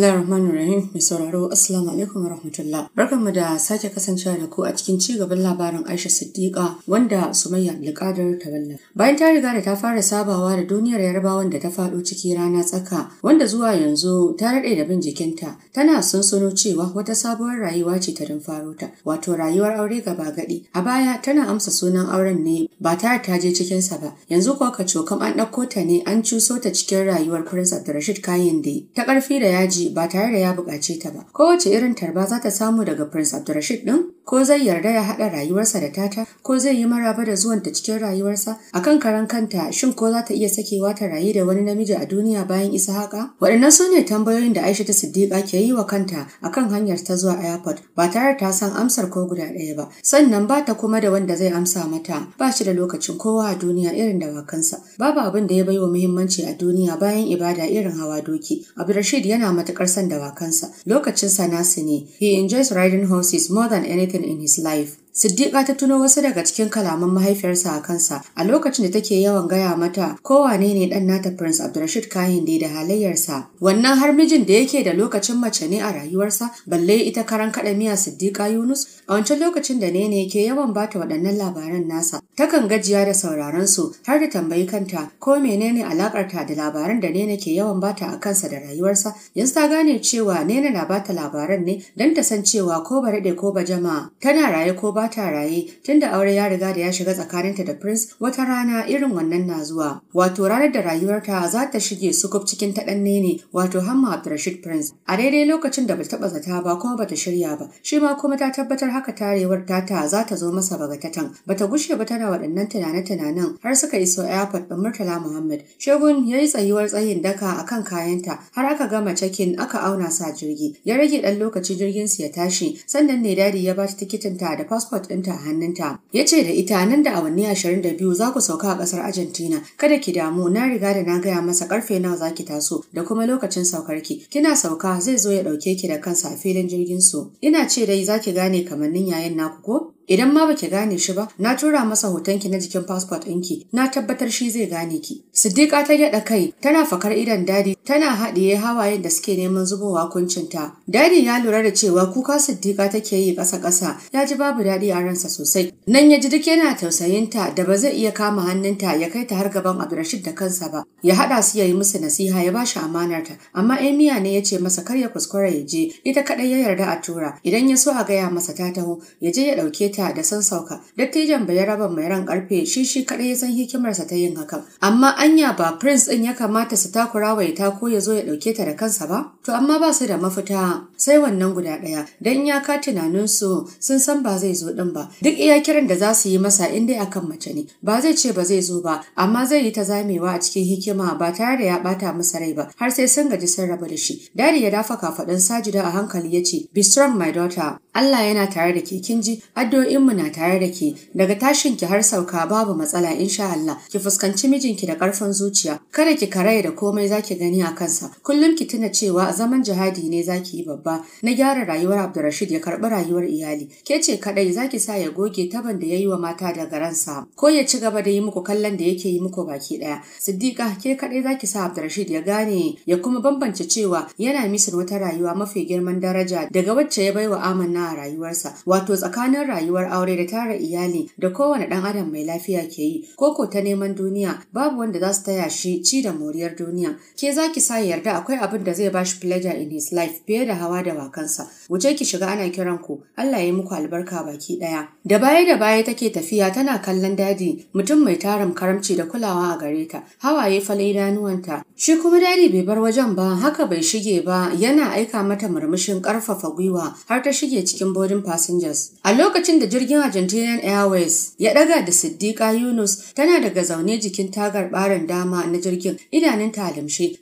Bismillah Rahman Rahim mai sauraro Assalamu alaikum rahmatullah. Barkanmu da sake kasancewa da ku a cikin ci gaban labarin Aisha Siddiqa wanda Sumayya Alƙadar ta wallafa. Bayan ta riga da ta fara sabawa da duniyar Yarbawan da ta faɗo ciki rana tsaka wanda zuwa yanzu ta raɗe da bin jikinta tana sunsuno cewa wata sabuwar rayuwa ce ta dun faro ta wato rayuwar aure gaba gadi. A baya tana amsa sunan auren ne ba ta ta je cikinsa ba yanzu kuwa ka cokam an ɗauko ta ne an cuso ta cikin rayuwar Prince Abdulrashid Kayinde ta ƙarfi da yaji ba tare da ya buƙace ta ba. Kowace irin tarba za ta samu daga Prince Abdulrashid ɗin ko zai yarda ya haɗa rayuwarsa da tata ko zai yi maraba da zuwanta cikin rayuwarsa akan karan kanta shin ko za ta iya sakewa ta rayu da wani namiji a duniya bayan isa haka waɗannan su ne tambayoyin da aisha ta siddiƙa ke yi wa kanta a kan hanyar ta zuwa airport ba tare ta san amsar ko guda ɗaya ba sannan ba ta kuma da wanda zai amsa mata ba shi da lokacin kowa a duniya irin da dawakansa babu abin da ya bai wa muhimmanci a duniya bayan ibada irin hawa doki abdurrashid yana matuƙar son dawakansa lokacinsa nasu ne he enjoys riding horses more than anything anything in his life. Siddiqa ta tuno wasu daga cikin kalaman mahaifiyarsa a kansa a lokacin da take yawan gaya mata kowane ne dan nata Prince Abdulrashid Kahin da halayyarsa. Wannan har mijin da yake da lokacin mace ne a rayuwarsa balle ita karan kaɗa miya Siddiqa Yunus a wancan lokacin da ne ne ke yawan bata waɗannan labaran nasa Takan gajiya da sauraron su har da tambayi kanta ko menene alakarta da labaran da Nene ke yawan bata a kansa da rayuwarsa. Yanzu ta gane cewa Nene na bata labaran ne don ta san cewa ko ba daɗe ko ba jama. tana raye ko ba ta raye tunda aure ya riga da ya shiga tsakaninta da Prince wata rana irin wannan na zuwa. Wato ranar da rayuwarta za ta shige sukub cikin ta dan Nene wato Hamma Abdulrashid Prince. A daidai lokacin da bata taɓa zata ba kuma bata shirya ba. Shi ma kuma ta tabbatar haka tarewar tata za ta zo masa bagatatan. Bata gushe ba tana waɗannan tunane-tunanen har suka iso airport ɗin Murtala Muhammad. shegun ya yi tsayuwar tsayin daka a kan kayanta har aka gama cakin aka auna sa jirgi. Ya rage ɗan lokaci jirgin su ya tashi sannan ne dadi ya ba ta tikitinta da fasfot ɗinta a hannunta. Ya ce da ita nan da awanni ashirin da biyu za ku sauka a ƙasar Argentina. Kada ki damu na riga da na gaya masa karfe nawa za ki taso da kuma lokacin saukarki. Kina sauka zai zo ya ɗauke ki da kansa a filin jirgin su. Ina ce dai za ki gane kamannin yayin naku ko? Idan ma baki gane shi ba, na tura masa hotonki na jikin passport ɗinki, na tabbatar shi zai gane ki. Siddiqa ta gyaɗa kai, tana fakar idan dadi, tana haɗiye hawayen da suke neman zubowa kuncinta. Dadi ya lura da cewa kuka Siddiqa take yi ƙasa-ƙasa, ya ji babu daɗi a ransa sosai. Nan ya ji duk yana tausayinta da ba zai iya kama hannunta ya kai ta har gaban Abdurrashid da kansa ba. Ya haɗa su ya yi musu nasiha ya ba shi amanarta, amma Emiya ne ya ce masa kar ya kuskura ya je, ita kaɗai ya yarda a tura, idan ya so a gaya masa ta taho, ya je ya ɗauke ta ta da san sauka dattijan raba mai ran karfe shi shi kadai ya san hikimarsa ta yin hakan amma anya ba prince din ya kamata su takura wa ta ko ya zo ya dauke ta da kansa ba to amma ba su da mafita sai wannan guda daya dan ya ka tunaninsu sun san ba zai zo din ba duk iya kiran da za su yi masa in dai akan mace ne ba zai ce ba zai zo ba amma zai yi ta zamewa a cikin hikima ba tare da ya bata masa rai ba har sai sun gaji sun raba da shi dadi ya dafa kafaɗin sajida a hankali ya ce be strong my daughter Allah yana tare da ke kin ji addu'o'inmu na tare da ke daga tashin ki har sauka babu matsala insha Allah ki fuskanci mijinki da karfin zuciya kada ki karaya da komai zaki gani a kansa kullum ki tuna cewa zaman jihadi ne zaki yi babba na gyara rayuwar Abdurrashid ya karbi rayuwar iyali ke ce kadai zaki sa ya goge taban da yayi wa mata daga ransa ko ya ci gaba da yi muku kallon da yake yi muku baki daya Siddiqa ke kadai zaki sa Abdurrashid ya gane ya kuma bambance cewa yana misir wata rayuwa mafi girman daraja daga wacce ya baiwa Amanna na a rayuwarsa wato tsakanin rayuwar aure da tara iyali da kowane ɗan adam mai lafiya ke yi koko ta neman duniya babu wanda za su taya shi ci da moriyar duniya ke za ki sa yarda akwai abin da zai ba shi pleasure in his life fiye da hawa da wakansa wuce ki shiga ana kiran ku Allah ya muku albarka baki ɗaya da baya da baya take tafiya tana kallon dadi mutum mai tarin karamci da kulawa a gare ta hawaye fale idanuwanta shi kuma dadi bai bar wajen ba haka bai shige ba yana aika mata murmushin karfafa gwiwa har ta shige cikin boarding passengers. A lokacin da jirgin Argentinian Airways ya ɗaga da Siddiqa Yunus tana daga zaune jikin tagar ɓarin dama na jirgin idanun ta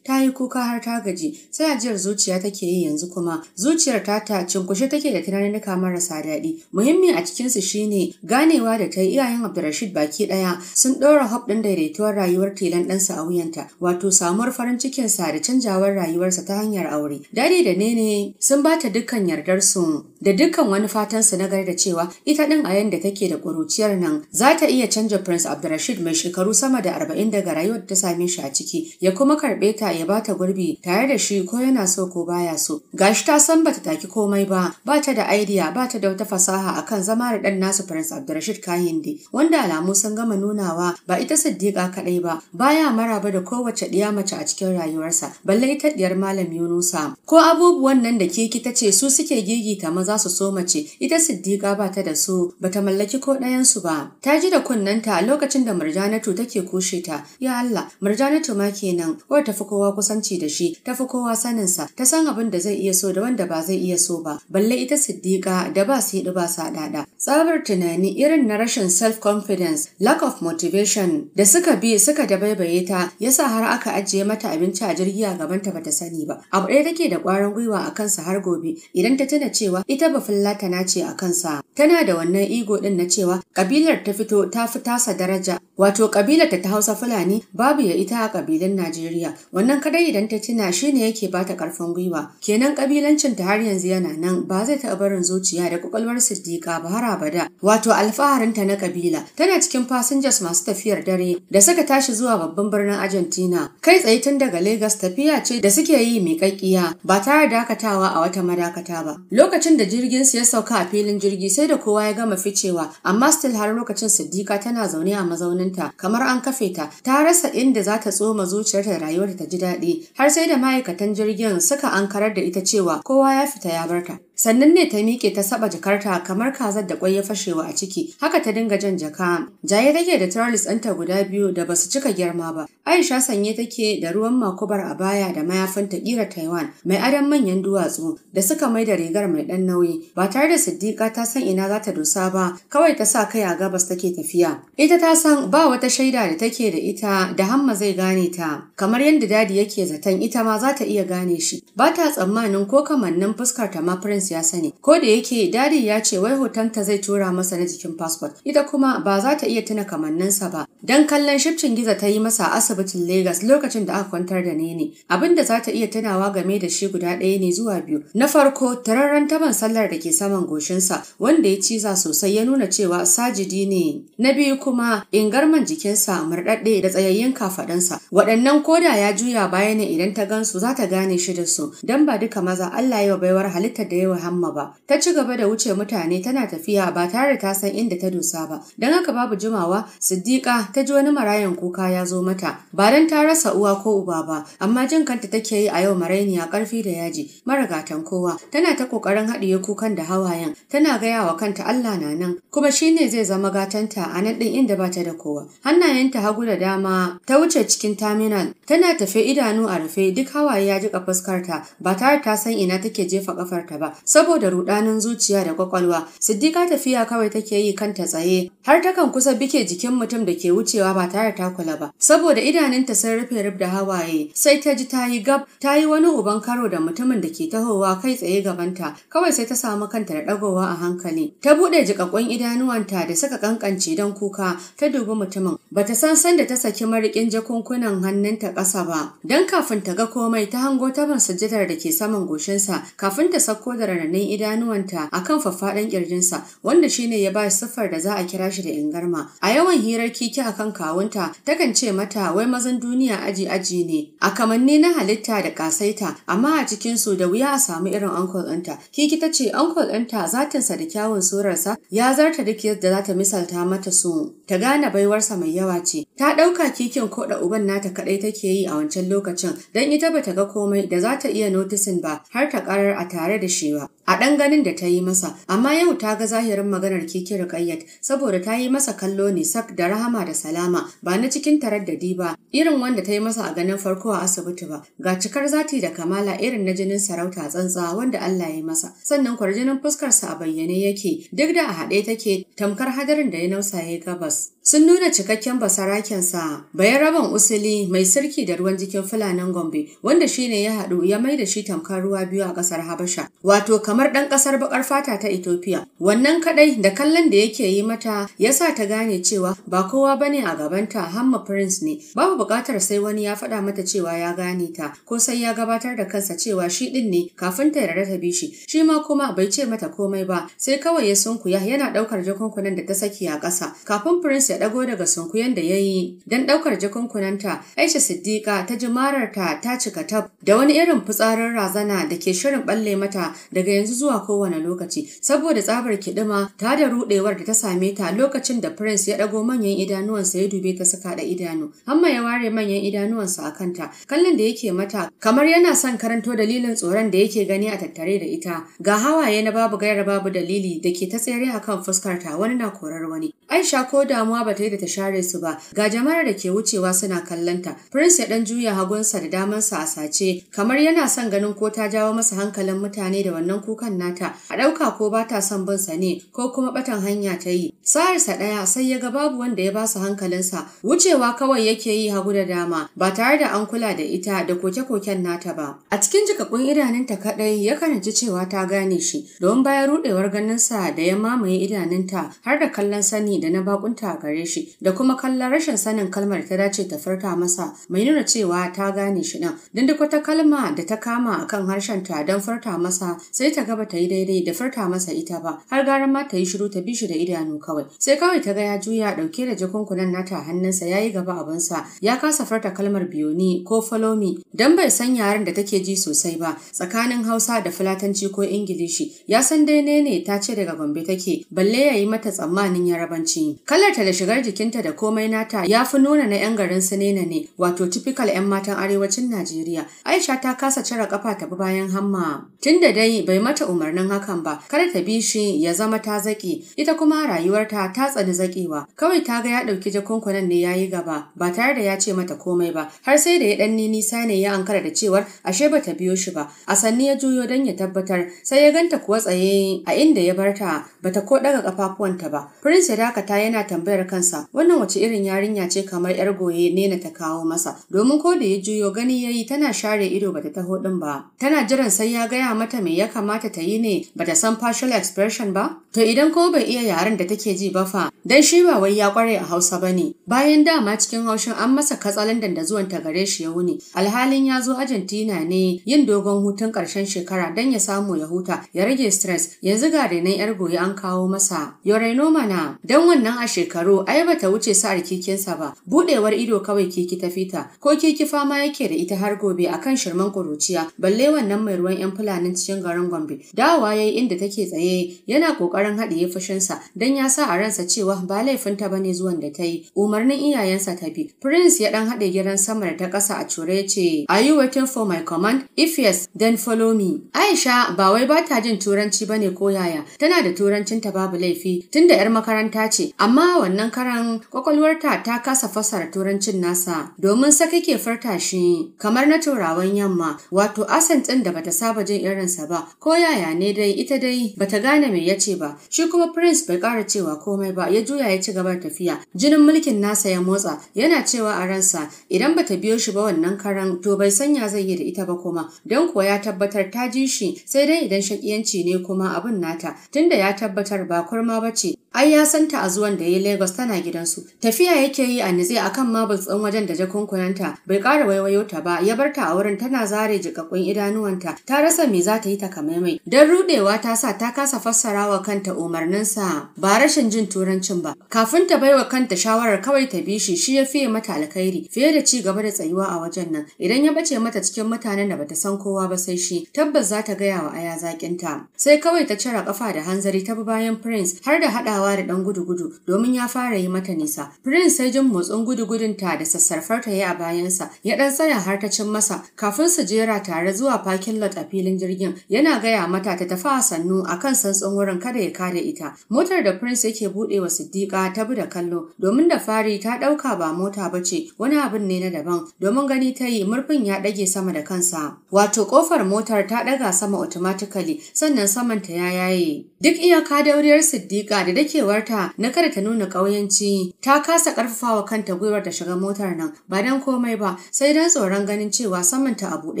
ta yi kuka har ta gaji sai ajiyar zuciya take yi yanzu kuma zuciyar ta ta cinkushe take da tunaninka marasa daɗi. Muhimmin a cikin su shine ganewa da ta yi iyayen Abdulrashid baki ɗaya sun ɗora hop ɗin daidaituwar rayuwar telan ɗansa a wuyanta wato samuwar farin cikinsa da canjawar rayuwarsa ta hanyar aure. Dadi da Nene sun ba ta dukkan su. da dukkan wani fatan su na da cewa ita ɗin a yanda take da kuruciyar nan za ta iya canja Prince Abdulrashid mai shekaru sama da arba'in daga rayuwar ta same shi a ciki ya kuma karɓe ta ya bata gurbi tare da shi ko yana so ko baya so. Gashi ta san bata taki komai ba, ba ta da idea, ba ta da wata fasaha akan zama da ɗan nasu Prince Abdulrashid Kahinde wanda alamu sun gama nunawa ba ita Siddiqa kaɗai ba, baya maraba da kowace ɗiya mace a cikin rayuwarsa, balle ita ɗiyar Malam Yunusa. Ko abubuwan nan da ke kita ce su suke gigita maza za su so mace ita Siddika ba ta da su ba ta mallaki ko ɗayansu ba ta ji da kunnanta lokacin da murjanatu take kushe ta ya Allah murjanatu ma kenan wadda tafi kowa kusanci da shi tafi kowa saninsa ta san abin da zai iya so da wanda ba zai iya so ba balle ita Siddika da ba su yi ba sa ɗaɗa tsabar tunani irin na rashin self confidence lack of motivation da suka bi suka dabaibaye ta yasa har aka ajiye mata abinci a jirgi a gabanta bata sani ba abu ɗaya take da ƙwarin gwiwa a kansa har gobe idan ta tuna cewa ita bafillatana ce a kansa tana da wannan ego din na cewa kabilar ta fito ta fi tasa daraja wato kabilar ta Hausa Fulani babu ya ita a kabilan Najeriya wannan kadai idan ta tuna shine yake ba ta karfin gwiwa kenan kabilancin ta har yanzu yana nan ba zai taɓa barin zuciya da kwakwalwar Siddiqa ba har abada wato alfaharin ta na kabila tana cikin passengers masu tafiyar dare da suka tashi zuwa babban birnin Argentina kai tsaye tun daga Lagos tafiya ce da suke yi mai miƙaƙƙiya ba tare dakatawa a wata madakata ba lokacin da jirgin su ya sauka a filin jirgi sai da kowa ya gama ficewa amma still har lokacin Siddika tana zaune a mazauninta kamar an kafe ta ta rasa inda za ta tsoma zuciyarta da rayuwarta ta ji daɗi har sai da ma'aikatan jirgin suka ankarar da ita cewa kowa ya fita ya barta sannan ne ta miƙe ta saba jakarta kamar kazar da kwai ya fashewa a ciki haka ta dinga jan jaka jaye take da turlis ɗinta guda biyu da basu cika girma ba aisha sanye take da ruwan makubar a baya da mayafin ta ƙira taiwan mai adon manyan duwatsu da suka mai da rigar mai ɗan nauyi ba tare da siddiƙa ta san ina ina za ta dosa ba kawai ta sa kai a gabas take tafiya ita ta san ba wata shaida da take da ita da hamma zai gane ta kamar yadda dadi yake zaton ita ma za ta iya gane shi ba ta tsammanin ko kamannin fuskar ta ma prince ya sani ko da yake dadi ya ce wai hoton ta zai tura masa na jikin passport ita kuma ba za ta iya tuna kamanninsa ba dan kallon shifcin giza ta yi masa asibitin Legas lokacin da aka kwantar da Nene. Abin da za ta iya tunawa game da shi guda ɗaya ne zuwa biyu. Na farko, tararren taban sallar da ke saman goshinsa, wanda da ya ciza sosai ya nuna cewa sajidi ne. Na biyu kuma in garman jikinsa murɗaɗɗe da tsayayyen kafaɗansa. Waɗannan koda ya juya baya ne idan ta gansu za ta gane shi da su don ba duka maza Allah ya baiwar halittar da yawa hamma ba. Ta ci gaba da wuce mutane tana tafiya ba tare ta san inda ta dosa ba. Don haka babu jimawa Siddiƙa ta ji wani marayan kuka ya zo mata. Ba don ta rasa uwa ko uba ba amma jin kanta take yi a yau marainiya ƙarfi da yaji maragatan kowa tana ta ƙoƙarin haɗiye kukan da hawayen tana gaya wa kanta Allah na nan kuma shine zai zama gatanta a nan ɗin inda bata da kowa. Hannayenta hagu da dama ta wuce cikin terminal tana tafe idanu a rufe duk hawaye ya jika fuskarta ba tare ta san ina take jefa kafarta ba saboda rudanin zuciya da kwakwalwa. siddika tafiya kawai take yi kanta tsaye har takan kusa bike jikin mutum da ke wucewa ba tare ta kula ba saboda idanunta sun rufe rub da hawaye sai ta ji ta yi gab ta yi wani uban karo da mutumin da ke tahowa kai tsaye gabanta kawai sai ta samu kanta da ɗagowa a hankali. ne. Ta buɗe jikakkun idanuwanta da saka kankance don kuka ta dubi mutumin. Ba ta san sanda ta saki marikin jakunkunan hannunta ƙasa ba. Don kafin ta ga komai ta hango taban sujjadar da ke saman goshinsa kafin ta sako da rananin idanuwanta akan faffaɗan ƙirjinsa wanda shine ya ba siffar da za a kira shi da ingarma. A yawan hirar kiki a akan kawunta takan ce mata wai mazan duniya aji aji ne. A kamanni na halitta da ƙasaita amma a cikin su da wuya a samu irin ankol ɗinta. Kiki ta ce ankol ɗinta zatinsa da kyawun kyawun surarsa ya zarta duk yadda za ta misalta mata su ta gane baiwarsa mai yawa ce ta ɗauka kikin ko da uban nata kaɗai take yi a wancan lokacin don ita bata ga komai da za ta iya notisin ba har ta karar a tare da shi ba a ɗan ganin da ta yi masa amma yau ta ga zahirin maganar kikin Rukayyat, saboda ta yi masa kallo ne sak da rahama da salama ba na cikin taraddadi ba irin wanda ta yi masa a ganin farko a asibiti ba ga cikar zati da kamala irin na jinin sarauta tsantsa wanda Allah ya yi masa sannan kwarjinin fuskarsa a bayyane yake yake duk da a haɗe take tamkar hadarin da ya nausaye gabas. Sun nuna cikakken basarakensa bayan rabon usuli mai sarki da ruwan jikin fulanin Gombe wanda shine ya haɗu ya mai da shi tamkar ruwa biyu a ƙasar Habasha. Wato kamar ɗan ƙasar baƙar fata ta Ethiopia. Wannan kaɗai da kallon da yake yi mata ya sa ta gane cewa ba kowa ba ne a gabanta Hamma Prince ne. Babu buƙatar sai wani ya faɗa mata cewa ya gane ta ko sai ya gabatar da kansa cewa shi ɗin ne kafin ta yarda ta bi shi. Shi ma kuma bai ce mata komai ba sai kawai ya sunkuya yana ɗaukar jakunkunan da ta saki a ƙasa kafin prince ya ɗago daga sunkuyan da ya yi don ɗaukar jakunkunanta aisha siddiqa ta ji mararta ta cika tab da wani irin fitsarin razana da ke shirin balle mata daga yanzu zuwa kowane lokaci saboda tsabar kiɗima ta da ruɗewar da ta same ta lokacin da prince ya ɗago manyan idanuwansa ya dube ta suka da idanu amma ya ware manyan idanuwansa a kanta kallon da yake mata kamar yana son karanto dalilin tsoron da yake gani a tattare da ita ga hawaye na babu gayar babu dalili da ke ta tsere a kan fuskarta wani na korar wani Aisha ko damuwa ba ta yi da ta share su ba, ga jama'ar da ke wucewa suna kallonta. Prince ya dan juya hagunsa da damansa a sace, kamar yana son ganin ko ta jawo masa hankalin mutane da wannan kukan nata. A ɗauka ko ba ta son bin sa ne, ko kuma batan hanya ta yi. Sa'arsa ɗaya sai ya ga babu wanda ya basu hankalinsa, wucewa kawai yake yi hagu da dama, ba tare da an kula da ita da koke-koken nata ba. A cikin jikakkun idanunta kaɗai ya karanci cewa ta gane shi, don bayan ruɗewar ganinsa da ya mamaye idanunta har da kallon sani da na bakunta gare shi da kuma kallon rashin sanin kalmar ta dace ta furta masa mai nuna cewa ta gane shi nan. don duk wata kalma da ta kama akan harshen ta don furta masa sai ta gaba ta yi daidai da furta masa ita ba har gara ma ta yi shiru ta bi shi da idanu kawai sai kawai ta ga ya juya dauke da jakunkunan nata hannunsa ya yi gaba abinsa ya kasa furta kalmar biyoni ko falomi don bai san yaren da take ji sosai ba tsakanin hausa da fulatanci ko ingilishi ya san dai ne ta ce daga gombe take balle ya yi mata tsammanin yarabanci bambanci. Kalarta da shigar jikinta da komai nata ya fi nuna na 'yan garin Sinina ne, wato typical 'yan matan arewacin Najeriya. Aisha ta kasa cire kafa ta bi bayan hamma. Tunda dai bai mata umarnin hakan ba, kada ta bi shi ya zama ta zaki, ita kuma rayuwarta ta tsani zakewa. Kawai ta ga ya ɗauki jakunkunan ne ya yi gaba, ba tare da ya ce mata komai ba, har sai da ya ɗan nisa ne ya ankara da cewar ashe ba ta biyo shi ba. A sanni ya juyo don ya tabbatar, sai ya ganta kuwa tsaye a inda ya bar ta, ba ko ɗaga ƙafafuwanta ba. Prince ya dakata yana tambayar kansa wannan wace irin yarinya ce kamar yar goye ne na ta kawo masa domin ko da ya juyo gani ya yi tana share ido bata taho din ba tana jiran sai ya gaya mata me ya kamata ta yi ne bata san facial expression ba to idan ko bai iya yaren da take ji ba fa dan shi ba wai ya kware a Hausa bane bayan dama cikin haushin an masa katsalandan da zuwan ta gare shi ya wuni alhalin ya zo Argentina ne yin dogon hutun karshen shekara dan ya samu ya huta ya rage stress yanzu ga nan yar goye an kawo masa yo mana dan wannan a shekaru ai ta wuce sa kikinsa ba budewar ido kawai kiki ta fita ko kiki fama yake da ita har gobe akan shirman kuruciya balle wannan mai ruwan yan fulanin cikin garin Gombe dawa yayi inda take tsaye yana kokarin haɗiye fushinsa dan ya sa a ransa cewa ba laifinta bane zuwan da ta yi umarnin iyayensa ta bi prince ya dan haɗe gidan sama da ta ƙasa a cure ce are you waiting for my command if yes then follow me aisha ba wai ba ta jin turanci bane ko yaya tana da turancinta babu laifi tunda yar makaranta ce ce, amma wannan karan kwakwalwarta ta kasa fasara turancin nasa domin sa kake farta shi kamar na turawan yamma wato asan ɗin da bata saba jin irinsa ba ko yaya ne dai ita dai bata gane me yace ba shi kuma prince bai kara cewa komai ba ya juya ya ci gaba da tafiya jinin mulkin nasa ya motsa yana cewa a ransa idan bata biyo shi ba wannan karan to bai sanya zai yi da ita ba kuma don kuwa ya tabbatar ta ji shi sai dai idan shakiyanci ne kuma abin nata tunda ya tabbatar ba kurma bace Ai ya santa a zuwan da ya yi Lagos tana gidansu. Tafiya yake yi a nitse akan ma ɗin wajen da jakunkunanta bai ƙara waiwayo ta ba ya barta a wurin tana zare jikakkun idanuwanta ta rasa me za ta yi takamaimai. Don rudewa ta sa ta kasa fassara wa kanta umarninsa ba rashin jin turancin ba. Kafin ta baiwa kanta shawarar kawai ta bi shi shi ya fiye mata alkhairi fiye da ci gaba da tsayuwa a wajen nan. Idan ya bace mata cikin mutanen da bata san kowa ba sai shi tabbas za ta gaya wa aya zaƙinta. Sai kawai ta cira ƙafa da hanzari ta bi bayan Prince har da haɗa tsayawa da ɗan gudu-gudu domin ya fara yi mata nisa. Prince sai jin motsin gudu ta da sassarfar ta yi a bayansa, ya ɗan tsaya har ta cin masa kafin su jera tare zuwa parking lot a filin jirgin. Yana gaya mata ta tafi a sannu a kan santsin wurin kada ya kada ita. Motar da Prince yake buɗe wa Siddiƙa ta bi da kallo domin da fari ta ɗauka ba mota ba ce wani abin ne na daban domin gani ta yi murfin ya ɗage sama da kansa. Wato ƙofar motar ta ɗaga sama otomatikali sannan saman ta ya yaye. Duk iyaka dauriyar Siddiƙa da Rikewarta na kada ta nuna ƙauyanci ta kasa ƙarfafawa kanta gwiwar ta shiga motar nan ba don komai ba sai don tsoron ganin cewa saman ta a buɗe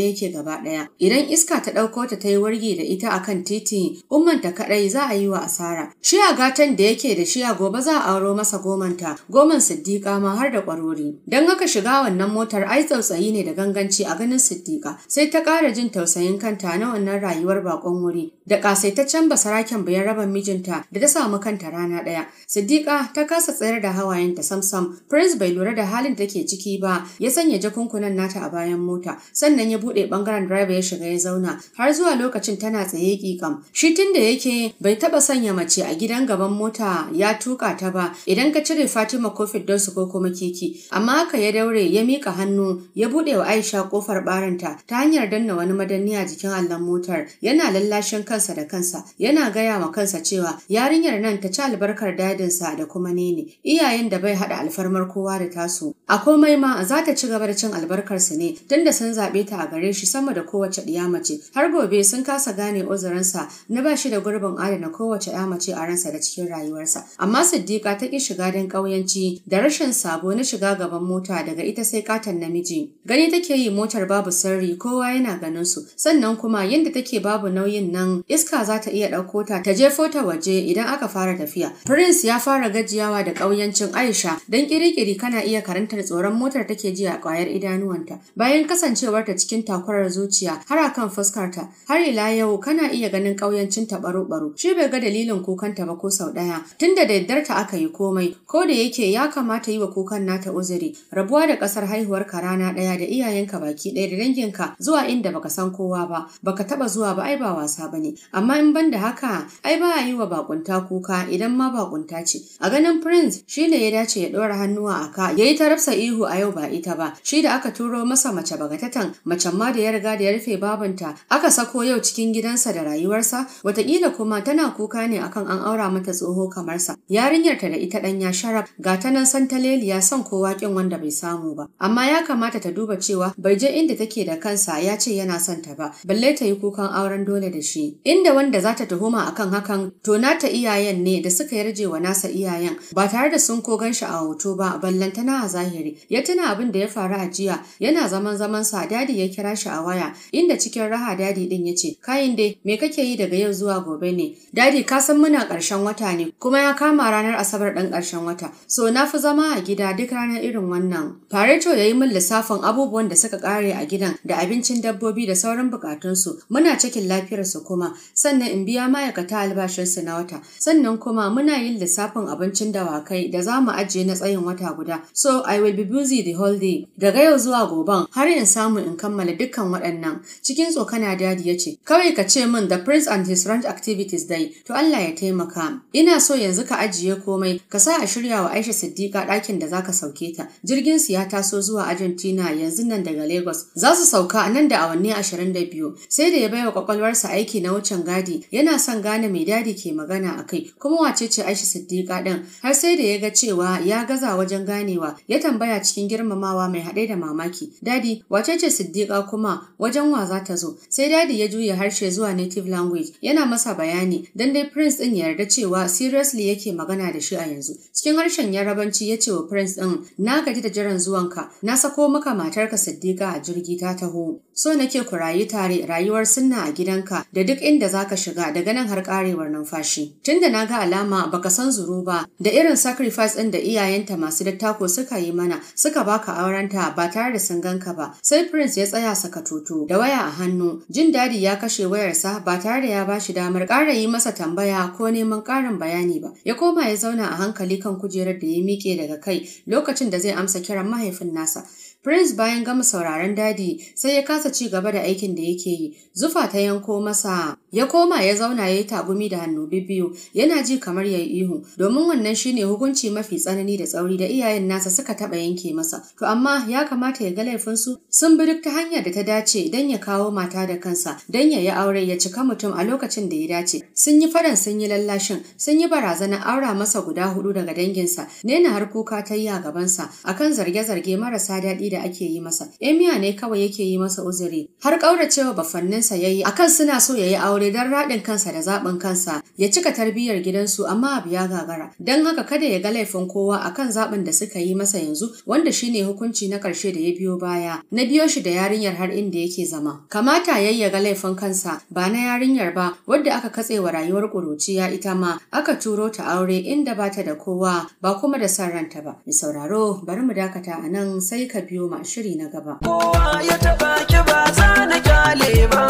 yake gaba ɗaya. Idan iska ta ɗauko ta ta yi wargi da ita a kan titi ummanta kaɗai za a yi wa asara. Shi a gatan da yake da shi a gobe za a auro masa gomanta goman siddiƙa ma har da ƙwarori. Don haka shiga wannan motar ai tsautsayi ne da ganganci a ganin siddiƙa sai ta ƙara jin tausayin kanta na wannan rayuwar bakon wuri da ƙasaitaccen basaraken bayan raban mijinta da ta samu kanta rana ɗaya. Sadiqa ta kasa tsayar da hawayenta samsam. Prince bai lura da halin da take ciki ba, ya sanya jakunkunan nata a bayan mota, sannan ya buɗe ɓangaren driver ya shiga ya zauna har zuwa lokacin tana tsaye ƙiƙam. Shi tun da yake bai taɓa sanya mace a gidan gaban mota ya tuƙa ta ba idan ka cire Fatima Kofit don su ko kuma keke Amma haka ya daure ya mika hannu ya buɗe wa Aisha kofar ɓaranta ta hanyar danna wani madanni a jikin allon motar. Yana lallashin kansa da kansa, yana gaya wa kansa cewa yarinyar nan ta ci albarkar dadinsa da kuma nene iyayen da bai haɗa alfarmar kowa da tasu a komai ma za ta ci gaba da cin albarkar su ne tun da sun zaɓe ta a gare shi sama da kowace ɗiya mace har gobe sun kasa gane uzurinsa na ba shi da gurbin adana kowace ɗa mace a ransa da cikin rayuwarsa amma siddiƙa ta ƙi shiga don ƙauyanci da rashin sabo na shiga gaban mota daga ita sai katon namiji gani take yi motar babu sirri kowa yana ganin su sannan kuma yadda take babu nauyin nan iska za ta iya ɗauko ta ta jefo ta waje idan aka fara tafiya tafiya. Prince ya fara gajiyawa da ƙauyancin Aisha don ƙirikiri kana iya karantar tsoron motar take ji a ƙwayar idanuwanta. Bayan kasancewarta cikin takurar zuciya har a kan fuskarta har ila yau kana iya ganin ƙauyancin ta baro-baro. Shi bai ga dalilin kukanta ba ko sau ɗaya. Tunda da daddarta aka yi komai ko da yake ya kamata yi wa kukan nata uzuri. Rabuwa da ƙasar haihuwarka rana ɗaya da iyayenka baki ɗaya da danginka zuwa inda baka san kowa ba baka taɓa zuwa ba ai ba wasa ba ne. Amma in ban da haka ai ba a yi wa bakunta kuka idan idan ma bakunta ce. A ganin Prince shi ne ya dace ya ɗora hannuwa a ka ya yi ta rafsa ihu a yau ba ita ba. Shi da aka turo masa mace bagatatan macen ma da ya riga da ya rufe babanta aka sako yau cikin gidansa da rayuwarsa watakila kuma tana kuka ne akan an aura mata tsoho kamar sa. Yarinyar ta da ita ɗan ya sharaf ga ta nan san ya son kowa kin wanda bai samu ba. Amma ya kamata ta duba cewa bai je inda take da kansa ya ce yana son ta ba balle ta yi kukan auren dole da shi. Inda wanda za ta tuhuma akan hakan to na ta iyayen ne da suka yarje wa nasa iyayen ba tare da sun kogan ganshi a hoto ba ballantana a zahiri ya tuna abin da ya faru a jiya yana zaman zaman sa dadi ya kira shi a waya inda cikin raha dadi din ya ce kayin dai me kake yi daga yau zuwa gobe ne dadi ka san muna karshen wata ne kuma ya kama ranar asabar dan karshen wata so na fi zama a gida duk ranar irin wannan fareto ya yi min lissafin abubuwan da suka ƙare a gidan da abincin dabbobi da sauran bukatunsu muna cikin lafiyarsu kuma sannan in biya ma'aikata albashinsu na wata sannan kuma kuma muna yin lissafin abincin dawakai da za mu ajiye na tsayin wata guda. So I will be busy the whole day. Daga yau zuwa goban. har in samu in kammala dukkan waɗannan. Cikin tsokana dadi ya ce, kawai ka ce min the prince and his ranch activities dai, to Allah ya taimaka. Ina so yanzu ka ajiye komai, ka sa a shirya wa Aisha Siddiqa ɗakin da za ka sauke ta. Jirgin su ya taso zuwa Argentina yanzu nan daga Lagos. Za su sauka nan da awanni ashirin da biyu. Sai da ya baiwa kwakwalwarsa aiki na wucin gadi, yana son gane mai dadi ke magana a kai, kuma kowace ce Aisha Siddiqa din har sai da ya ga cewa ya gaza wajen ganewa ya tambaya cikin girmamawa mai haɗe da mamaki dadi wace ce Siddiqa kuma wajen wa za ta zo sai dadi ya juya harshe zuwa native language yana masa bayani dan dai prince din ya yarda cewa seriously yake magana da shi a yanzu cikin harshen yarabanci ya ce wa prince din na gaji da jiran zuwan ka na sako maka matarka Siddiqa a jirgi ta taho so nake ku rayu tare rayuwar sunna a gidanka da duk inda zaka shiga daga nan har karewar numfashi tunda na ga alama baka san zuru ba da irin sacrifice ɗin da iyayenta masu dattako suka yi mana suka baka aurenta ba tare da sun ganka ba sai prince ya tsaya sakatoto da waya a hannu jin dadi ya kashe wayarsa ba tare da ya bashi damar ƙara yi masa tambaya ko neman ƙarin bayani ba ya koma ya zauna a hankali kan kujerar da ya miƙe daga kai lokacin da zai amsa kiran mahaifin nasa Prince bayan gama sauraron dadi sai ya kasa ci gaba da aikin da yake yi. Zufa ta yanko masa. Ya koma ya zauna ya yi tagumi da hannu biyu yana ji kamar ya yi ihu domin wannan shine hukunci mafi tsanani da tsauri da iyayen nasa suka taɓa yanke masa. To amma ya kamata ya ga laifinsu sun bi duk ta hanyar da ta dace don ya kawo mata da kansa don ya yi aure ya cika mutum a lokacin da ya dace. Sun yi faɗan sun yi lallashin sun yi barazanar aura masa guda hudu daga danginsa. Nena har kuka ta yi a gabansa akan zarge-zarge marasa daɗi da da ake yi masa. Emiya ne kawai yake yi masa uzuri. Har ƙauracewa bafanninsa ya yi akan suna so ya yi aure don raɗin kansa da zaɓin kansa ya cika tarbiyyar gidansu amma abu ya gagara. Don haka kada ya ga laifin kowa akan zaɓin da suka yi masa yanzu wanda shine hukunci na ƙarshe da ya biyo baya. Na biyo shi da yarinyar har inda yake zama. Kamata ya ga laifin kansa ba na yarinyar ba wadda aka katse wa rayuwar ƙuruciya ita ma aka turo ta aure inda bata da kowa ba kuma da son ranta ba. Mi sauraro bari mu dakata a nan sai ka biyo biyu ma shiri na gaba. Kowa ya taba ki ba za na kyale ba,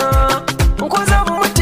ko zan